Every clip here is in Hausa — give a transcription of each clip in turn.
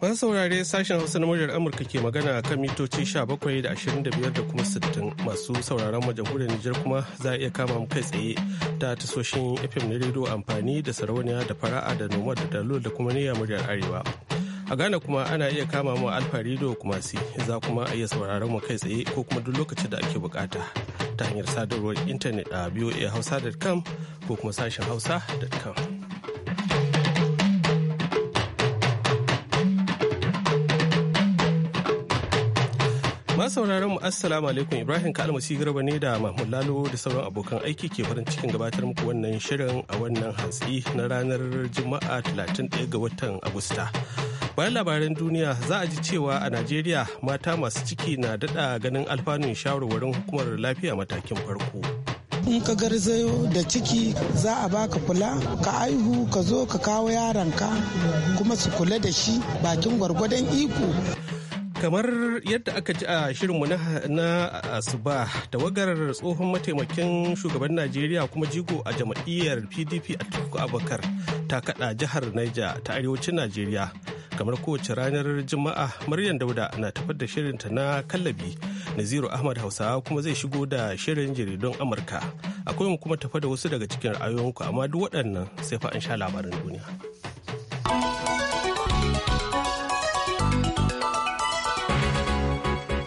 Masu saurare sashen Hausa na muryar Amurka ke magana kan mitoci 17 da 25 da kuma 60 masu sauraron mu jamhuriyar Nijar kuma za a iya kama mu kai tsaye ta tasoshin FM na rediyo amfani da sarauniya da fara'a da noma da dalo da kuma niyyar muryar Arewa. A Ghana kuma ana iya kama mu Alfa Rido kuma si za kuma a iya sauraron mu kai tsaye ko kuma duk lokacin da ake bukata ta hanyar sadarwar intanet a Hausa.com ko kuma sashen hausa.com. Masu sauraron mu assalamu alaikum Ibrahim Kalmasi Garba ne da Mahmud Lalo da sauran abokan aiki ke farin cikin gabatar muku wannan shirin a wannan hantsi na ranar Juma'a 31 ga watan Agusta. Bayan labaran duniya za a ji cewa a Najeriya mata masu ciki na daɗa ganin alfanun shawarwarin hukumar lafiya matakin farko. in ka garzayo da ciki za a baka kula ka aihu ka zo ka kawo yaranka kuma su kula da shi bakin gwargwadon iko kamar yadda aka ji a shirinmu na asuba tawagar tsohon mataimakin shugaban najeriya kuma jigo a jam'iyyar pdp a tuku abakar ta kada jihar naija ta arewacin najeriya kamar kowace ranar juma'a maryam dauda na tafar da shirinta na kallabi naziru ahmad hausawa kuma zai shigo da shirin jaridun amurka akwai mu kuma tafa da wasu daga cikin ra'ayoyinku amma duk waɗannan sai fa an sha labarin duniya.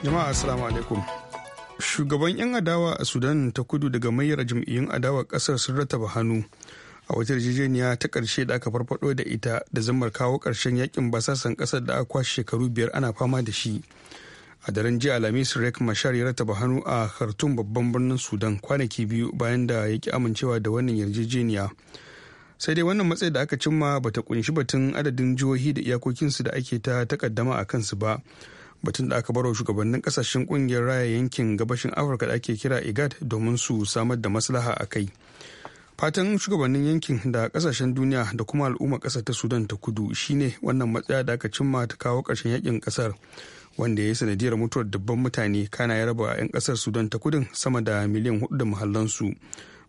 jama'a assalamu alaikum shugaban 'yan adawa a sudan ta kudu daga mayar jam'iyyun adawa kasar sun rataba hannu a wata yarjejeniya ta karshe da aka farfado da ita da zammar kawo karshen yakin basasan kasar da aka kwashe shekaru biyar ana fama da shi a daren jiya alhamis rek mashar ya rataba hannu a khartoum babban birnin sudan kwanaki biyu bayan da ya ki amincewa da wannan yarjejeniya sai dai wannan matsayi da aka cimma bata kunshi batun adadin jihohi da iyakokinsu da ake ta takaddama a kansu ba batun da aka baro shugabannin kasashen kungiyar raya yankin gabashin afirka da ake kira igad domin su samar da maslaha a kai fatan shugabannin yankin da kasashen duniya da kuma al'umma kasa ta sudan ta kudu shine wannan matsaya da aka cimma ta kawo ƙarshen yakin kasar wanda ya yi sanadiyar mutuwar dubban mutane kana ya raba 'yan kasar sudan ta kudin sama da miliyan hudu da mahallansu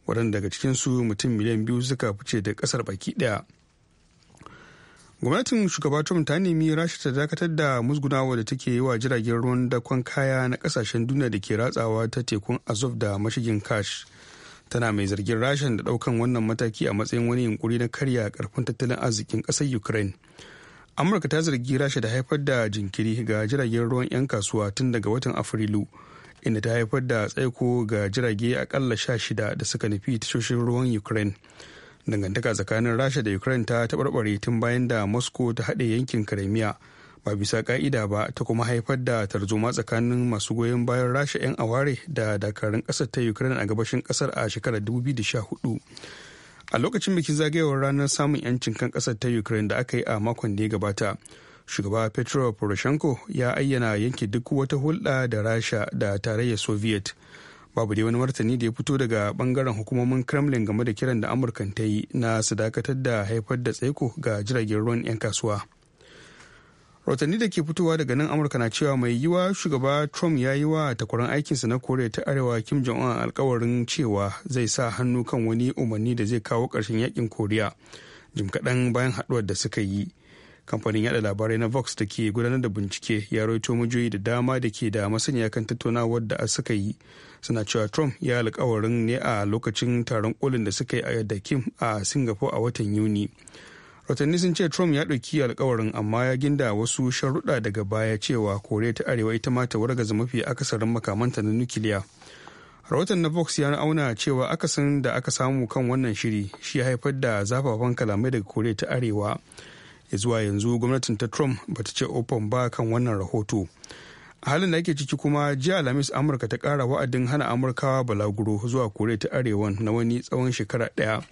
waɗanda daga cikinsu mutum miliyan biyu suka fice da kasar baki daya. gwamnatin shugaba trump ta nemi rasha ta dakatar da musgunawa da take yi wa jiragen ruwan dakon kaya na kasashen duniya da ke ratsawa ta tekun azov da mashigin kash tana mai zargin rasha da daukan wannan mataki a matsayin wani yunkuri na karya karfin tattalin arzikin kasar ukraine amurka ta zargi rasha da haifar da jinkiri ga jiragen ruwan 'yan kasuwa tun daga watan afrilu inda ta haifar da tsaiko ga jirage akalla sha shida da suka nufi tashoshin ruwan ukraine dangantaka tsakanin rasha da ukraine ta tabarbare tun bayan da moscow ta haɗe yankin karamiya ba bisa ka'ida ba ta kuma haifar da tarzoma tsakanin masu goyon bayan rasha 'yan aware da dakarun ƙasar ta ukraine a gabashin ƙasar a shekarar 2014 a lokacin bikin zagayowar ranar samun 'yancin kan ƙasar ta ukraine da aka yi a makon da ya gabata shugaba petro poroshenko ya ayyana yanke duk wata hulɗa da rasha da tarayyar soviet babu dai wani martani da ya fito daga bangaren hukumomin kremlin game da kiran da amurkan ta yi na su dakatar da haifar da tsaiko ga jiragen ruwan 'yan kasuwa rotanni da ke fitowa daga nan amurka na cewa mai yiwa shugaba trump ya yi wa takwaran aikinsa na koriya ta arewa kim jong un alkawarin cewa zai sa hannu kan wani umarni da zai kawo karshen yakin koriya jim kaɗan bayan haɗuwar da suka yi kamfanin yada labarai na vox da ke gudanar da bincike ya raito mujoyi da dama da ke da masaniya kan tattaunawar da suka yi suna cewa trump ya alkawarin ne a lokacin taron kolin da suka yi a da kim a singapore a watan yuni rotanni sun ce trump ya ɗauki alkawarin amma ya ginda wasu sharuɗa daga baya cewa koriya ta arewa ita ma ta wargaza mafi akasarin makamanta na nukiliya rahoton na vox ya auna cewa akasin da aka samu kan wannan shiri shi haifar da zafafan kalamai daga koriya ta arewa zuwa yanzu gwamnatin ta trump ba ta ce open ba kan wannan rahoto a halin da ake ciki kuma jiya alhamis amurka ta kara wa'adin hana amurkawa balaguro zuwa korea ta arewa na wani tsawon shekara daya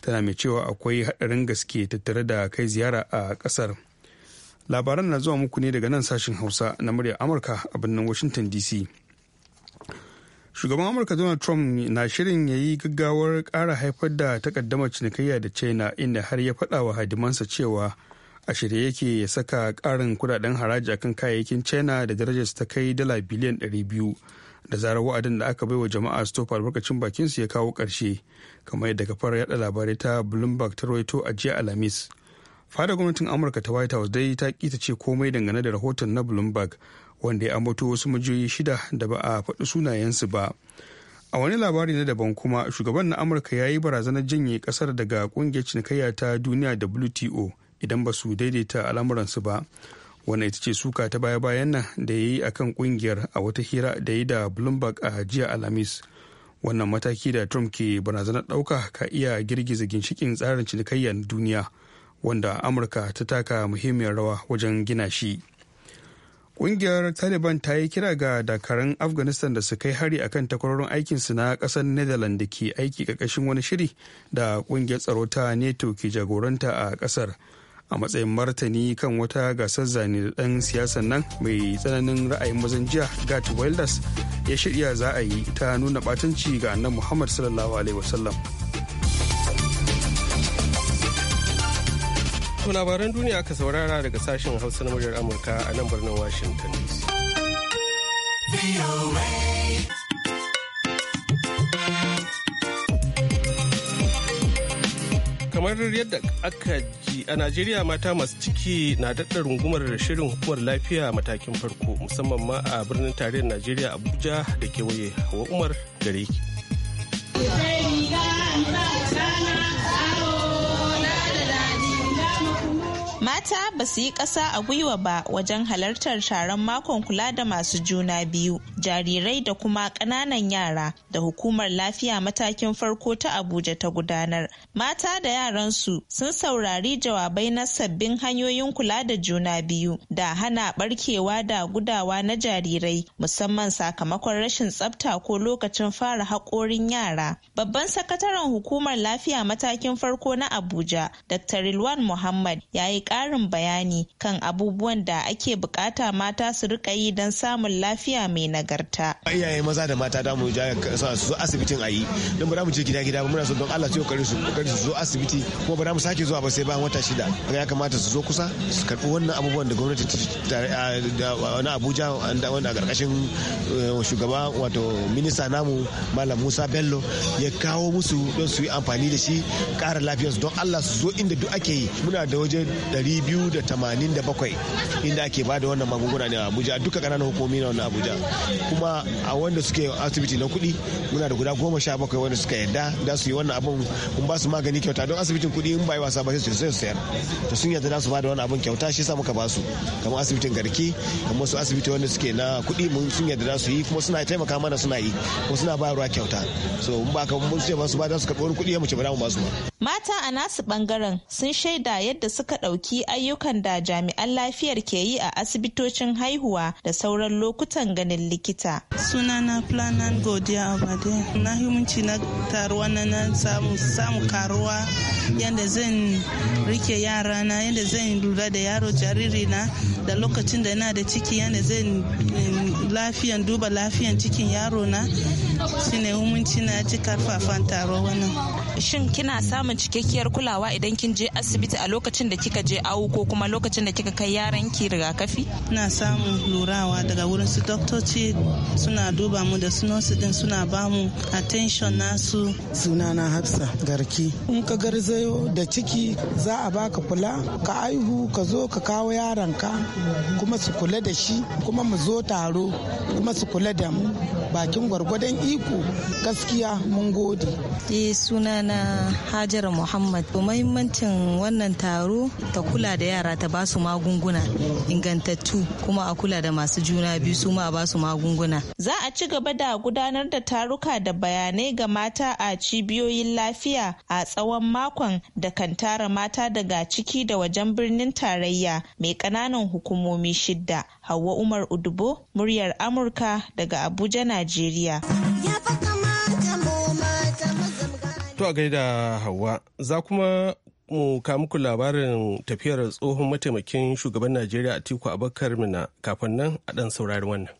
tana mai cewa akwai hadarin gaske tattare da kai ziyara a kasar labaran na zuwa muku ne daga nan sashen hausa na muryar amurka a birnin washington dc shugaban amurka donald trump na shirin ya yi gaggawar kara haifar da takaddamar cinikayya da china inda har ya faɗa wa hadimansa cewa a shirye yake ya saka ƙarin kudaden haraji akan kayayyakin china da su ta kai dala biliyan 200 da zarar wa'adin da aka bai wa jama'a stop albarkacin bakin su ya kawo ƙarshe kamar yadda kafar yada labarai ta bloomberg ta roito a jiya alhamis fada gwamnatin amurka ta white house dai ta ƙi ce komai dangane da rahoton na bloomberg wanda ya ambato wasu majiyoyi shida da ba a faɗi sunayensu ba a wani labari na daban kuma shugaban na amurka ya yi barazanar janye ƙasar daga ƙungiyar cinikayya ta duniya wto idan ba su daidaita al'amuransu ba wanda ita ce suka ta baya-bayan nan da ya yi a kan kungiyar a wata hira da ya da bloomberg a jiya alhamis wannan mataki da trump ke barazanar ɗauka ka iya girgiza ginshikin tsarin cinikayya na duniya wanda amurka ta taka muhimmiyar rawa wajen gina shi kungiyar taliban ta yi kira ga dakarun afghanistan da su kai hari akan takwarorin aikin su na kasar netherlands da ke aiki ƙarƙashin wani shiri da kungiyar tsaro ta neto ke jagoranta a ƙasar a matsayin martani kan wata gasar zane da ɗan siyasan nan mai tsananin ra'ayin mazan jiya gat wilders ya shirya za a yi ta nuna ɓatanci ga annan muhammad sallallahu alaihi wasallam labaran duniya aka saurara daga sashen hausa na muryar amurka a nan birnin washington dc kamar yadda aka ji a najeriya mata masu ciki na daɗa rungumar shirin hukumar lafiya matakin farko musamman ma a birnin tarihin najeriya abuja da kewaye wa umar gare ki. Mata ba su yi ƙasa a gwiwa ba wajen halartar taron makon kula da masu juna biyu, jarirai da kuma ƙananan yara da hukumar lafiya matakin farko ta Abuja ta gudanar. Mata da yaransu sun saurari jawabai na sabbin hanyoyin kula da juna biyu da hana barkewa da gudawa na jarirai musamman sakamakon rashin tsafta ko lokacin fara haƙorin yara. Babban sakataren hukumar lafiya matakin farko na Abuja, Dr. Rilwan Muhammad ya yi ƙarin bayani kan abubuwan da ake bukata mata su rika yi don samun lafiya mai nagarta. Iyaye maza da mata da mu ja su asibitin a yi don ba mu je gida gida muna so don Allah su kokari su kokari su zo asibiti kuma ba mu sake zuwa ba sai bayan wata shida ya kamata su zo kusa su karbi wannan abubuwan da gwamnati na Abuja wanda wanda karkashin eh, shugaba wato minista namu Malam Musa Bello ya kawo musu don su yi amfani da shi kara lafiyarsu don Allah su zo inda duk ake yi muna da waje 287 inda ake ba da wannan magunguna ne a abuja duka kananan hukumomi na wannan abuja kuma a wanda suke asibiti na kuɗi muna da guda goma sha bakwai wanda suka yarda za su yi wannan abun kun ba su magani kyauta don asibitin kuɗi in ba yi wasa ba sai su sayar to sun yarda za su bada wannan abun kyauta shi sa muka ba su kamar asibitin garki kamar wasu asibiti wanda suke na kuɗi mun sun yarda za su yi kuma suna taimaka mana suna yi kuma suna ba ruwa kyauta so in ba ka mun ba su ba za su karɓi wani kuɗi ya mace ce ba za mu ba su ba. mata a nasu bangaren sun shaida yadda suka ɗauki ɗauki ayyukan da jami'an lafiyar ke yi a asibitocin haihuwa da sauran lokutan ganin likita. Sunana Planan Godiya Abade. Na himunci na taruwa na na samu, samu karuwa yadda zan rike yarana yadda zan lura da yaro jaririna da lokacin da na da ciki yadda zan lafiyan duba lafiyan cikin yaro na shine humunci na ci karfafan taro wannan shin kina samun cikakkiyar kulawa idan kin je asibiti a lokacin da kika je awu ko kuma lokacin da kika kai yaran ki rigakafi na samun lurawa daga wurin su doktoci suna duba mu da su din suna ba mu attention nasu sunana hafsa garki in ka garzayo da ciki za a baka kula ka aihu ka zo ka kawo ka kuma su kula da shi kuma mu zo taro kuma su kula da mu bakin gwargwadon iko gaskiya mun gode. Eh suna na Hajara Muhammad. Muhimmancin wannan taro ta kula da yara ta ba su magunguna ingantattu kuma a kula da masu juna biyu su ma ba su magunguna. Za a ci gaba da gudanar da taruka da bayanai ga mata a cibiyoyin lafiya a tsawon makon da kan tara mata daga ciki da wajen birnin tarayya mai ƙananan hukumomi shidda. Hauwa Umar Udubo, muryar Amurka daga Abuja, Najeriya. To a gaida Hauwa, za kuma mu muku labarin tafiyar tsohon mataimakin shugaban Najeriya a tiku Abubakar Mina kafin nan a ɗan saurari wannan.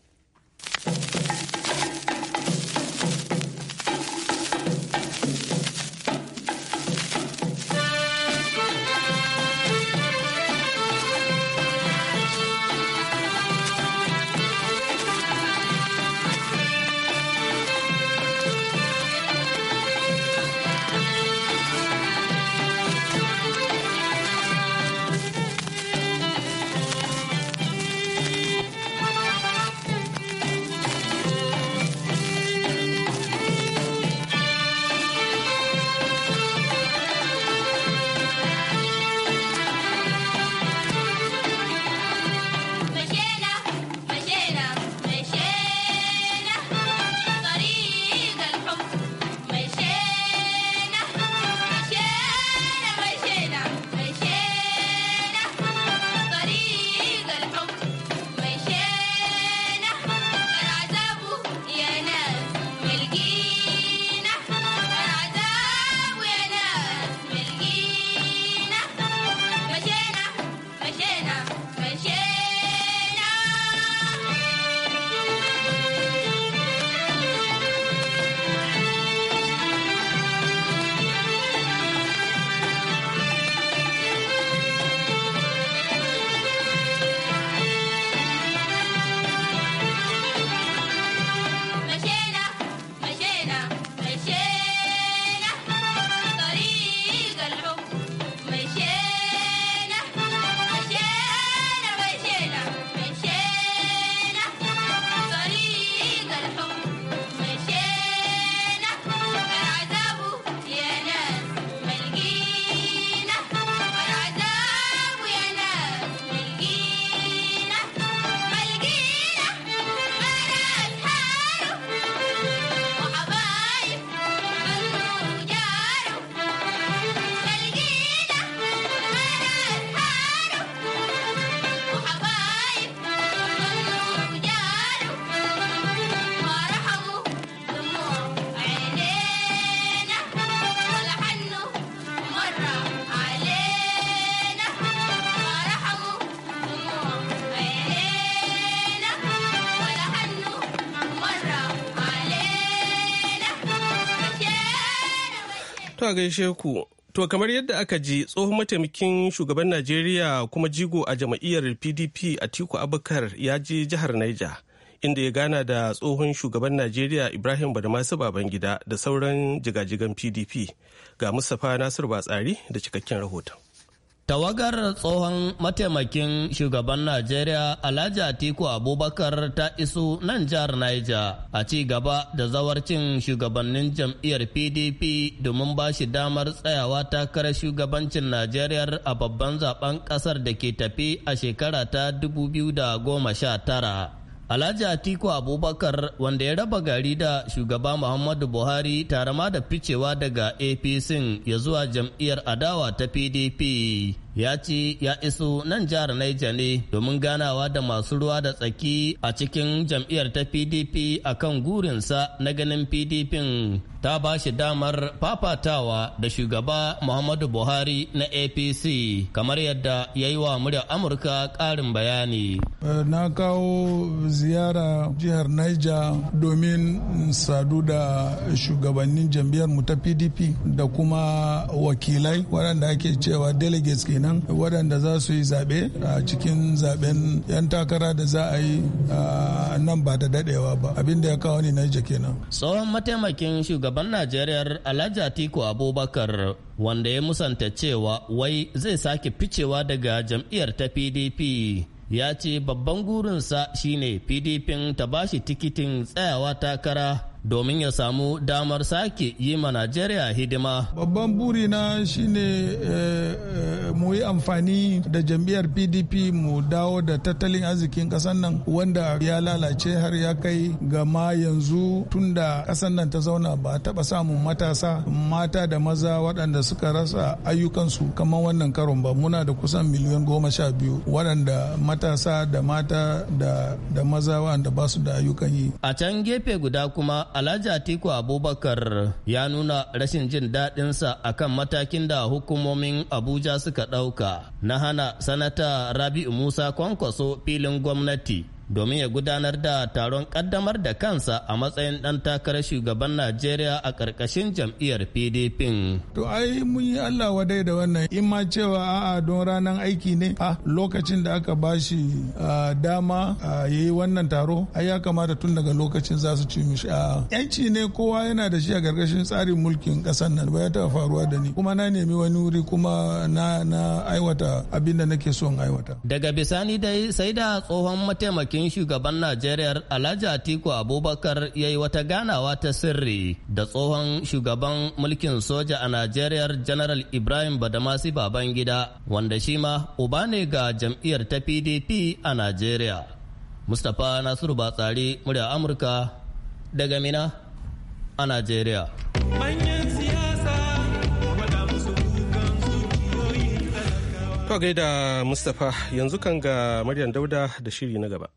To gaishe ku To kamar yadda aka ji tsohon mataimakin shugaban Najeriya kuma jigo a jam'iyyar PDP Tiku Abubakar ya je jihar Niger inda ya gana da tsohon shugaban Najeriya Ibrahim Badamasu Babangida da sauran jigajigan PDP ga Mustapha Nasiru Batsari da cikakken rahoton. Tawagar tsohon mataimakin shugaban Najeriya Alhaji Atiku Abubakar ta iso nan jihar Niger a ci gaba da zawarcin shugabannin jam'iyyar PDP domin ba shi damar tsayawa takarar shugabancin Najeriya a babban zaben kasar da ke tafi a shekara ta 2019. Alhaji Atiku Abubakar wanda ya raba gari da shugaba Muhammadu Buhari tarama da ficewa daga APC ya zuwa jam'iyyar adawa ta PDP ya ce ya iso nan jihar Niger ne domin ganawa da masu ruwa da tsaki a cikin jam'iyyar ta PDP a akan gurinsa na ganin PDP ta ba shi damar fafatawa da shugaba Muhammadu Buhari na APC kamar yadda ya yi wa murya Amurka ƙarin bayani. Eh, na kawo ziyara jihar Niger domin sadu da shugabannin jam'iyyar mu ta PDP da kuma wakilai waɗanda ake cewa delegates kenan kenan waɗanda za su yi zaɓe a cikin zaɓen 'yan takara da za a yi nan ba da daɗewa ba abin da ya kawo ni naija kenan. tsohon mataimakin shugaban najeriya alhaji atiku abubakar wanda ya musanta cewa wai zai sake ficewa daga jam'iyyar ta pdp ya ce babban gurinsa shine pdp ta bashi tikitin tsayawa takara domin ya samu damar sake yi ma Najeriya hidima. Babban buri burina shine eh, eh, mu yi amfani da jam'iyyar PDP mu dawo da tattalin arzikin ƙasar nan wanda ya lalace har ya kai gama yanzu tunda ƙasar nan ta zauna ba taɓa samun matasa mata da maza waɗanda suka rasa ayyukansu kamar wannan karon ba muna da kusan miliyan goma sha biyu waɗanda matasa da mata da maza waɗanda ba su da ayyukan yi. A can gefe guda kuma Alhaji Atiku Abubakar ya nuna rashin jin daɗinsa akan matakin da hukumomin Abuja suka ɗauka na hana sanata Rabi'u Musa kwankwaso filin gwamnati. domin ya gudanar da taron kaddamar da kansa a matsayin dan takarar shugaban Najeriya a karkashin jam'iyyar PDP. To ai mun yi Allah wadai da wannan in ma cewa a'a don ranar aiki ne a lokacin da aka bashi dama ya yi wannan taro ai ya kamata tun daga lokacin za su ci mishi a yanci ne kowa yana da shi a karkashin tsarin mulkin kasar nan ba ya taɓa faruwa da ni kuma na nemi wani wuri kuma na aiwata abin nake son aiwata. Daga bisani dai sai da tsohon mataimaki mataimakin shugaban Najeriya Alhaji Atiku Abubakar ya yi wata ganawa ta sirri da tsohon shugaban mulkin soja a Najeriya General Ibrahim Badamasi Babangida wanda shi ma uba ne ga jam'iyyar ta PDP a Najeriya. Mustapha Nasiru Batsari murya Amurka daga Mina a Najeriya. To gaida Mustapha yanzu kan ga Maryam Dauda da shiri na gaba.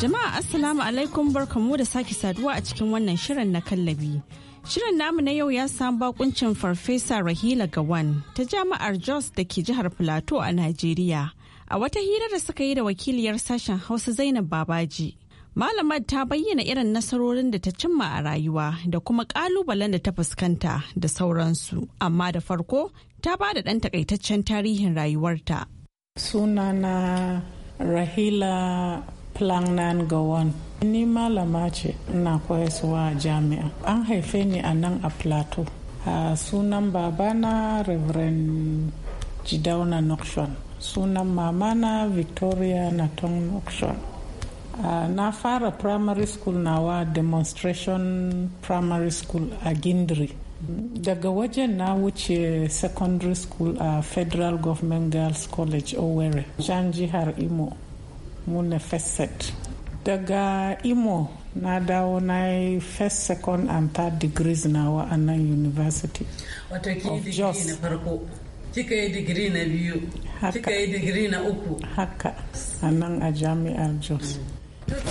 Jama'a Assalamu alaikum barkamu da sake saduwa a cikin wannan shirin na kallabi. Shirin namu na yau ya samu bakuncin Farfesa Rahila Gawan ta Jami'ar Jos da ke jihar Plateau a Najeriya. A wata hira da suka yi da wakiliyar sashen Hausa Zainab Babaji, Malamar ta bayyana irin nasarorin da ta cimma a rayuwa da kuma kalubalen da ta fuskanta da sauransu, amma da farko ta ba da ɗan takaitaccen tarihin rayuwarta. Sunana Rahila Plangnan Gowon. Ni malama ce ina koyaswa a jami'a. An haife ni a nan a Plateau. Sunan babana Reverend Jidauna Nokshon. sunan mamana victoria na auction uh, na fara primary school nawa demonstration primary school a gindri daga wajen na wuce secondary school a federal government girls college owerri can jihar imo mune daga imo na dawo na yi first second and third degrees nawa a nan university of jos kika yi digiri na biyu kika yi digiri na uku haka a a jami'ar jos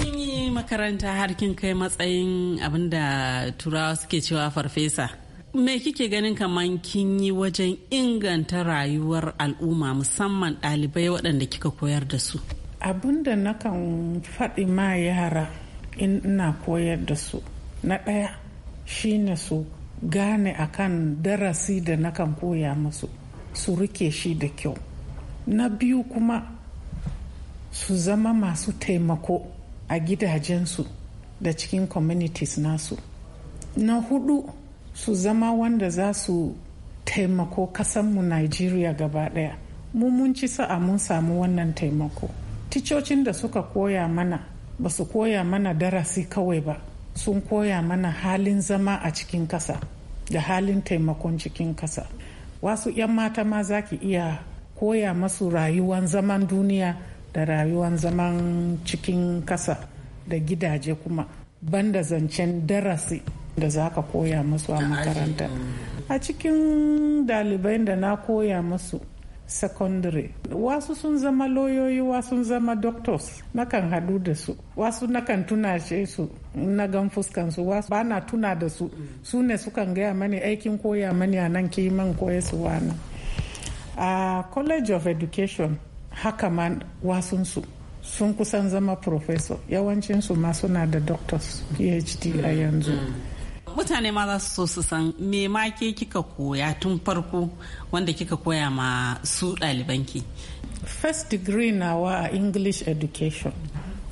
kin yi makaranta har kin kai matsayin abinda turawa suke cewa farfesa me kike ganin kaman kin yi wajen inganta rayuwar al'umma musamman ɗalibai waɗanda kika koyar da su abinda nakan faɗi ma yara ina koyar da su na ɗaya shine su gane akan darasi da nakan koya musu su rike shi da kyau na biyu kuma su zama masu taimako a gidajensu da cikin communities nasu na hudu su zama wanda za su taimako kasanmu nigeria gaba daya mun ci sa'a mun samu wannan taimako ticocin da suka koya mana ba su koya mana darasi kawai ba sun koya mana halin zama a cikin kasa da halin taimakon cikin kasa wasu 'yan mata ma za ki iya koya masu rayuwan zaman duniya da rayuwan zaman cikin kasa da gidaje kuma banda zancen darasi da za ka koya masu a makaranta mm. a cikin dalibai da na koya masu secondary wasu sun zama lauyoyi wasu sun zama doctors nakan hadu da su wasu nakan tuna shi su na gan fuskansu wasu bana tuna da su su ne sukan gaya mani aikin koya mani a nan kiman su nan a college of education haka ma wasunsu sun kusan zama professor yawancinsu ma suna da doctors phd a yanzu mm -hmm. mutane ma za su so su san me ma ke kika koya tun farko wanda kika koya ma su ɗalibanki first degree nawa english education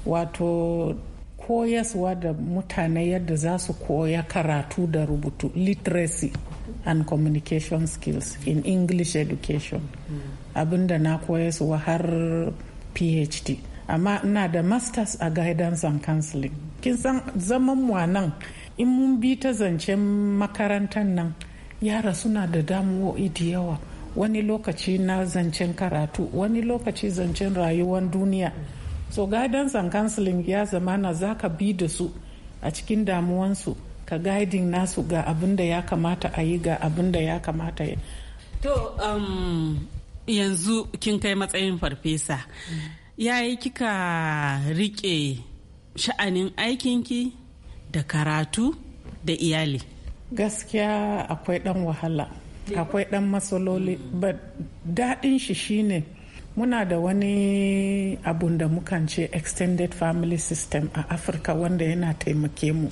wato koyaswa da mutane yadda za su koya karatu da rubutu literacy and communication skills in english education abinda na koyaswa har phd amma ina da masters a guidance and counseling kin san zaman mu nan in mun bi ta zancen makarantar nan yara suna da damuwa da yawa wani lokaci na zancen karatu wani lokaci zancen rayuwar duniya so guidance and counseling ya zamana za ka bi da su a cikin damuwansu ka guiding nasu ga abin da ya kamata a yi ga abin da ya kamata ya to um, yanzu kin kai matsayin farfesa mm. yi kika rike sha'anin aikinki da karatu da iyali gaskiya akwai dan wahala akwai dan matsaloli daɗin shi shine muna da wani abun da mukan ce extended family system a afirka wanda yana taimake mu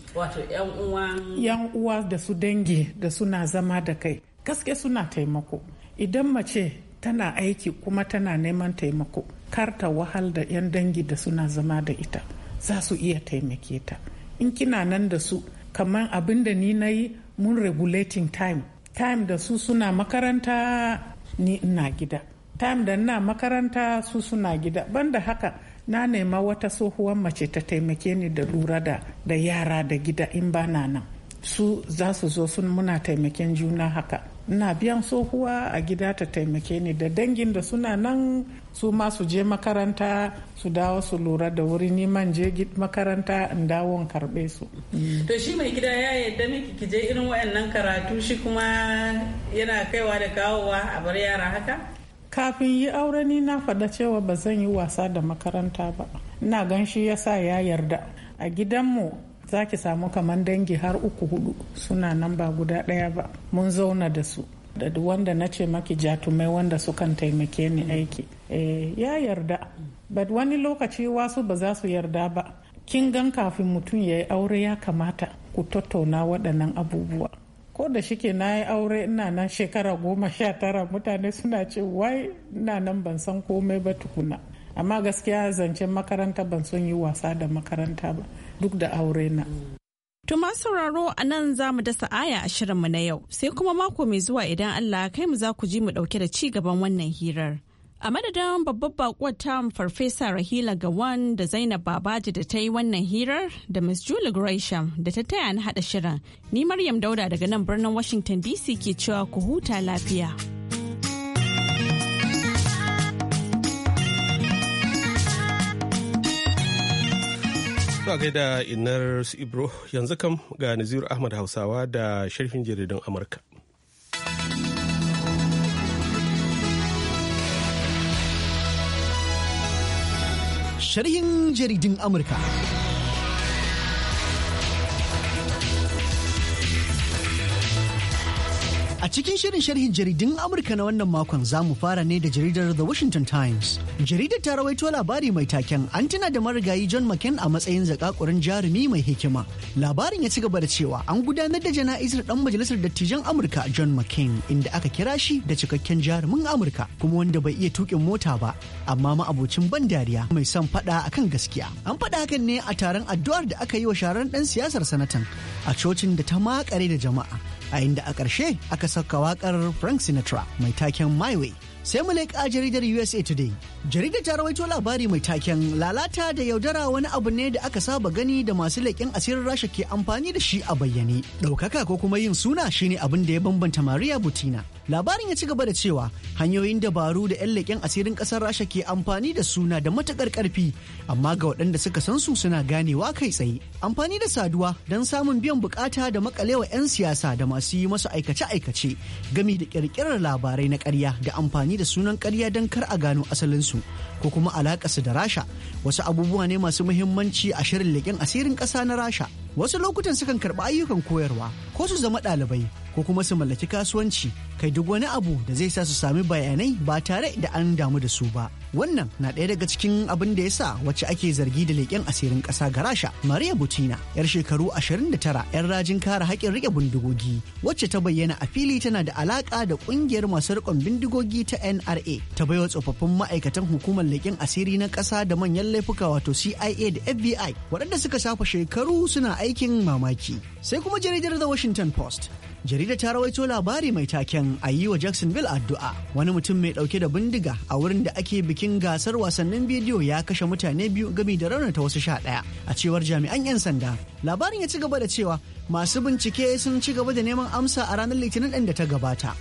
yan uwa da su dangi da suna zama da kai gaske suna taimako idan mace tana aiki kuma tana neman taimako karta wahal da yan dangi da suna zama da ita za su iya taimake ta in kina nan da su kamar abin da ni na yi mun regulating time time da su suna makaranta ni ina gida time da na makaranta su suna gida banda haka na nema wata tsohuwar mace ta taimake ni da lura da da yara da gida in ba na nan su za su zo sun muna taimaken juna haka ina biyan tsohuwa a gida ta taimake ni da dangin da suna nan su ma su je makaranta su dawo su lura da wuri neman je makaranta in dawo karbe su to shi mai gida ya yadda miki ki je irin wayannan karatu shi kuma yana kaiwa da kawowa a bar yara haka kafin yi aure ni na faɗa cewa ba zan yi wasa da makaranta ba ina gan shi ya sa ya yarda a gidanmu za ki samu kaman dangi har uku hudu suna nan ba guda ɗaya ba mun zauna da su da duk wanda na ce maki jatumai wanda sukan taimake ni mm. aiki eh, ya yarda but wani lokaci wasu ba za su yarda ba kin gan kafin mutum ya yi aure ya kamata ku tattauna waɗannan abubuwa ko da shike na yi aure ina nan shekara goma sha tara mutane suna ce wai ina nan ban san komai ba tukuna amma gaskiya zancen makaranta ban son yi wasa da makaranta ba duk da aure na mm. Tuma sauraro a nan za mu dasa aya a shirinmu na yau sai kuma mako mai zuwa idan Allah kai mu za ku ji mu dauke da ci gaban wannan hirar. A madadin babbar bakuwar ta Farfesa Rahila Gawan da Zainab Babaji da ta yi wannan hirar da Miss Julie Gresham da ta taya na hada shirin. Ni Maryam Dauda daga nan birnin Washington DC ke cewa ku huta lafiya. gai da inar su Ibro yanzu kam ga Naziru Ahmad Hausawa da sharhin jaridun Amurka. Sharhin jaridun Amurka. A cikin shirin sharhin jaridun Amurka na wannan makon za mu fara ne da jaridar The Washington Times. Jaridar ta rawaito labari mai taken an tuna da marigayi John McCain a matsayin zakakurin jarumi mai hikima. Labarin ya ci gaba da cewa an gudanar da jana'izar dan majalisar dattijan Amurka John McCain inda aka kira shi da cikakken jarumin Amurka kuma wanda bai iya tukin mota ba amma ma'abocin ban dariya mai son fada akan gaskiya. An fada hakan ne a taron addu'ar da aka yi wa sharar dan siyasar sanatan a cocin da ta makare da jama'a. a inda a ƙarshe aka saka wakar Frank Sinatra mai taken My Way. Sai mu leƙa jaridar USA Today. Jaridar ta rawaito labari mai taken lalata da yaudara wani abu ne da aka saba gani da masu leƙen asirin Rasha ke amfani da shi a bayyane. Ɗaukaka ko kuma yin suna shine abin da ya bambanta Maria Butina labarin ya ci gaba da cewa hanyoyin dabaru da 'yan leƙen asirin ƙasar rasha ke amfani da suna da matuƙar ƙarfi amma ga waɗanda suka san su suna ganewa kai tsaye amfani da saduwa don samun biyan bukata da makalewa 'yan siyasa da masu yi masu aikace-aikace gami da ƙirƙirar labarai na ƙarya da amfani da sunan ƙarya don kar a gano asalinsu ko kuma alakarsu da rasha wasu abubuwa ne masu muhimmanci a shirin leƙen asirin ƙasa na rasha wasu lokutan sukan karɓi ayyukan koyarwa ko su zama ɗalibai ko kuma su mallaki kasuwanci kai duk wani abu da zai sa su sami bayanai ba tare da an damu da su ba wannan na ɗaya daga cikin abin da ya sa wacce ake zargi da leƙen asirin ƙasa ga rasha maria butina yar shekaru ashirin da tara 'yar rajin kare haƙƙin riƙe bindigogi wacce ta bayyana a fili tana da alaƙa da ƙungiyar masu riƙon bindigogi ta nra ta baiwa tsofaffin ma'aikatan hukumar leƙen asiri na ƙasa da manyan laifuka wato CIA da FBI waɗanda suka shafa shekaru suna aikin mamaki. Sai kuma jaridar The Washington Post. Jarida ta rawaito labari mai taken a yi wa Jacksonville addu'a. Wani mutum mai ɗauke da bindiga a wurin da ake bikin gasar wasannin bidiyo ya kashe mutane biyu gami da ta wasu sha ɗaya. A cewar jami'an 'yan sanda, labarin ya ci gaba da cewa masu bincike sun ci gaba da neman amsa a ranar litinin ɗin da ta gabata.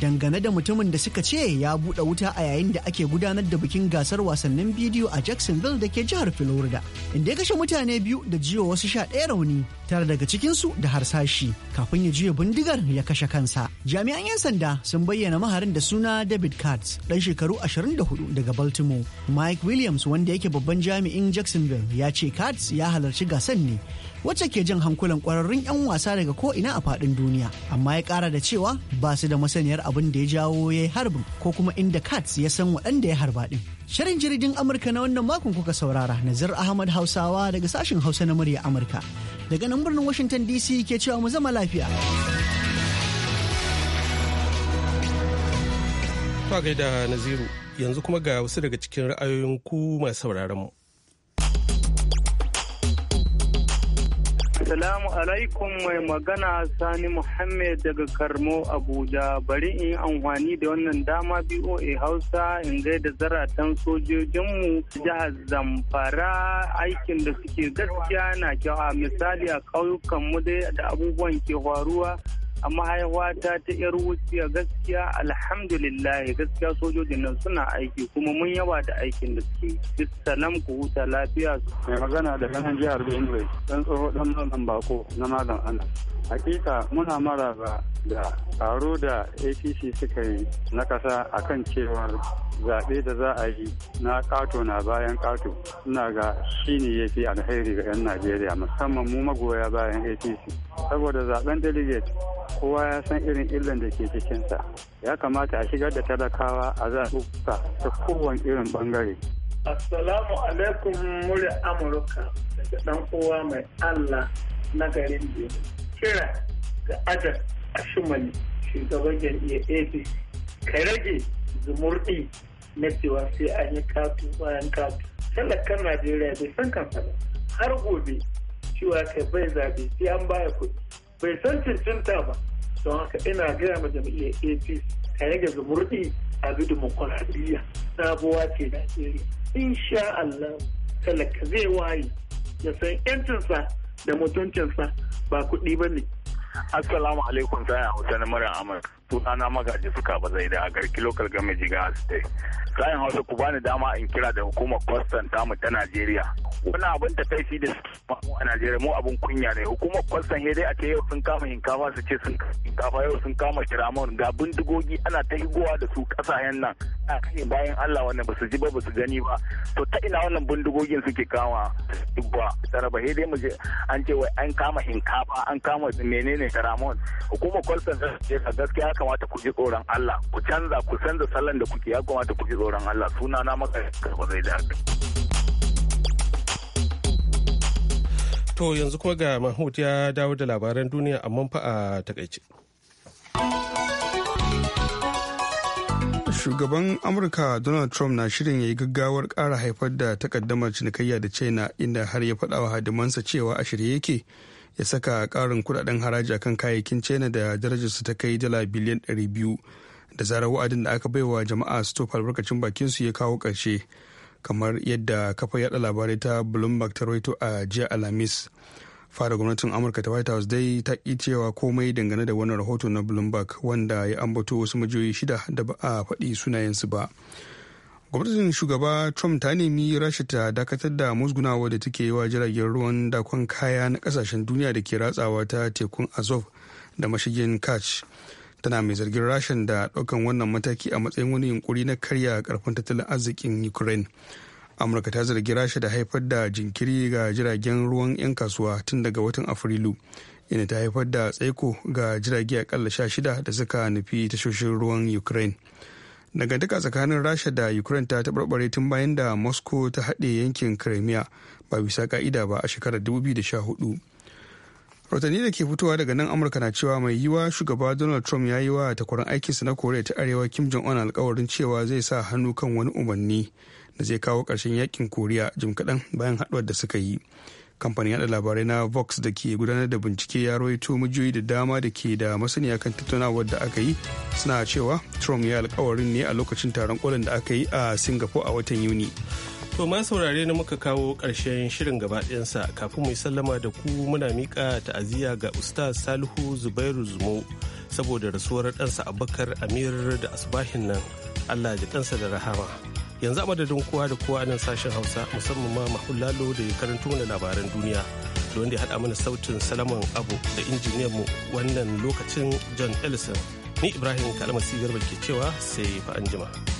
dangane da mutumin da suka ce ya buɗe wuta a yayin da ake gudanar da bikin gasar wasannin bidiyo a Jacksonville da ke jihar Florida, inda ya kashe mutane biyu da jiyo wasu sha ɗaya rauni tare daga cikinsu da harsashi kafin ya juya bindigar ya kashe kansa. Jami'an 'yan sanda sun bayyana maharin da suna David Katz, ɗan shekaru 24 daga Baltimore. Mike Williams wanda yake babban jami'in Jacksonville ya ce Katz ya halarci gasar ne wacce ke jin hankulan kwararrun 'yan wasa daga ko'ina a faɗin duniya amma ya kara da cewa ba su da masaniyar abin da ya jawo ya yi harbin ko kuma inda cats ya san waɗanda ya harba ɗin. Shirin jirgin Amurka na wannan makon kuka saurara Nazir Ahmad Hausawa daga sashen Hausa na murya Amurka. Daga nan birnin Washington DC ke cewa mu zama lafiya. To gaida Naziru yanzu kuma ga wasu daga cikin ra'ayoyin ku masu sauraron mu. Assalamu alaikum mai magana Sani Muhammad daga Karmo Abuja bari in amfani da wannan dama BOA Hausa in gaida zaratan sojojinmu jihar Zamfara aikin da suke gaskiya na kyau a misali a ƙauyukanmu dai da abubuwan ke faruwa a mahaifata ta yar wuciya gaskiya alhamdulillah gaskiya sojojin nan suna aiki kuma mun yaba da aikin da suke salam ku huta lafiya su. mai magana da kanan jihar benue dan tsoho dan malam bako na malam ana hakika muna mara ba da taro da apc suka yi na kasa akan cewa zaɓe da za a yi na kato na bayan kato ina ga shine ya fi alheri ga 'yan najeriya musamman mu magoya bayan apc saboda zaɓen delegate kowa ya san irin illan da ke cikinsa ya kamata a shigar da talakawa a zaɓuɓɓuka ta kowane irin ɓangare. assalamu alaikum muri amurka da ɗan uwa mai allah na garin biyu kira ga ajar ashimali shugaban jam'iyyar apc ka rage zumurɗi na cewa sai an yi katu bayan katu talakan najeriya bai san kansa har gobe cewa kai bai zaɓe sai an baya kuɗi bai san cincinta ba don haka ina gaya ma jam'iyyar apc ta rage zamurɗi a bi dimokuraɗiyya sabuwa ce najeriya insha allah talaka zai waye ya san yancinsa da mutuncinsa ba kuɗi ba ne assalamu alaikum sai hausa na mara amurka suna na magaji suka ba zai da a garki local game jiga state kayan hausa ku bani dama in kira da hukumar kwastan tamu ta najeriya wani abin da kai da mu a najeriya mu abin kunya ne hukumar kwastan dai a ce yau sun kama hinkafa su ce sun kama hinkafa yau sun kama kiramar ga bindigogi ana ta higowa da su kasayen nan a kai bayan allah wannan ba su ji ba ba su gani ba to ta ina wannan bindigogin suke kama ba taraba dai mu an ce wai an kama hinkafa an kama menene kiramar hukumar kwastan ta ce gaskiya kamata ku ji tsoron Allah ku canza ku canza sallan da kuke ya kamata ku ji tsoron Allah suna na maka karɓa zai da To yanzu kuma ga Mahmud ya dawo da labaran duniya amma fa a takaice. shugaban amurka donald trump na shirin ya yi gaggawar kara haifar da takaddamar cinikayya da china inda har ya faɗa wa hadimansa cewa a shirye yake ya saka ƙarin kudaden haraji akan kayayyakin china da darajarsu ta kai dala biliyan 200 da zarar wa'adin da aka baiwa jama'a su tofa albarkacin su ya kawo karshe kamar yadda kafa yada labarai ta bloomberg ta roito a jiya alhamis fara gwamnatin amurka ta white house dai ta ki cewa komai dangane da wannan rahoto na bloomberg wanda ya ambato wasu majiyoyi shida da ba a faɗi sunayensu ba. gwamnatin shugaba trump ta nemi rasha ta dakatar da musgunawa da take yi wa jiragen ruwan dakon kaya na kasashen duniya da ke ratsawa ta tekun azov da mashigin kach tana mai zargin rasha da ɗaukan wannan mataki a matsayin wani yunkuri na karya karfin tattalin arzikin ukraine amurka ta zargi rasha da haifar da jinkiri ga jiragen ruwan 'yan kasuwa tun daga watan afrilu inda ta haifar da tsaiko ga jirage akalla sha shida da suka nufi tashoshin ruwan ukraine dangantaka tsakanin rasha da ukraine ta taɓarɓare tun bayan da moscow ta haɗe yankin crimea ba bisa ka'ida ba a shekarar 2014 rahotanni da ke fitowa daga nan amurka na cewa mai yiwa shugaba donald trump ya yi wa takwarar aikinsa na koriya ta arewa kim jong un alkawarin cewa zai sa hannu kan wani umarni da zai kawo ƙarshen yakin koriya jim kaɗan bayan haɗuwar da suka yi kamfanin yada labarai na vox da ke gudanar da bincike ya rawaito mijiyoyi da dama da ke da masaniya kan tattaunawar da aka yi suna cewa trump ya alkawarin ne a lokacin taron kolin da aka yi a singapore a watan yuni to ma saurare na muka kawo ƙarshen shirin gaba ɗayansa kafin mu yi sallama da ku muna miƙa ta'aziyya ga ustaz salihu zubairu zumo saboda rasuwar ɗansa abubakar amir da asbahin nan allah ji ɗansa da rahama yanzu a madadin kowa da kowa nan sashen hausa musamman ma mahul lalo da ya karanto mana labaran duniya da ya haɗa mana sautin salaman abu da injiniyan mu wannan lokacin john ellison ni ibrahim kalmasi garba ke cewa sai fa'an anjima.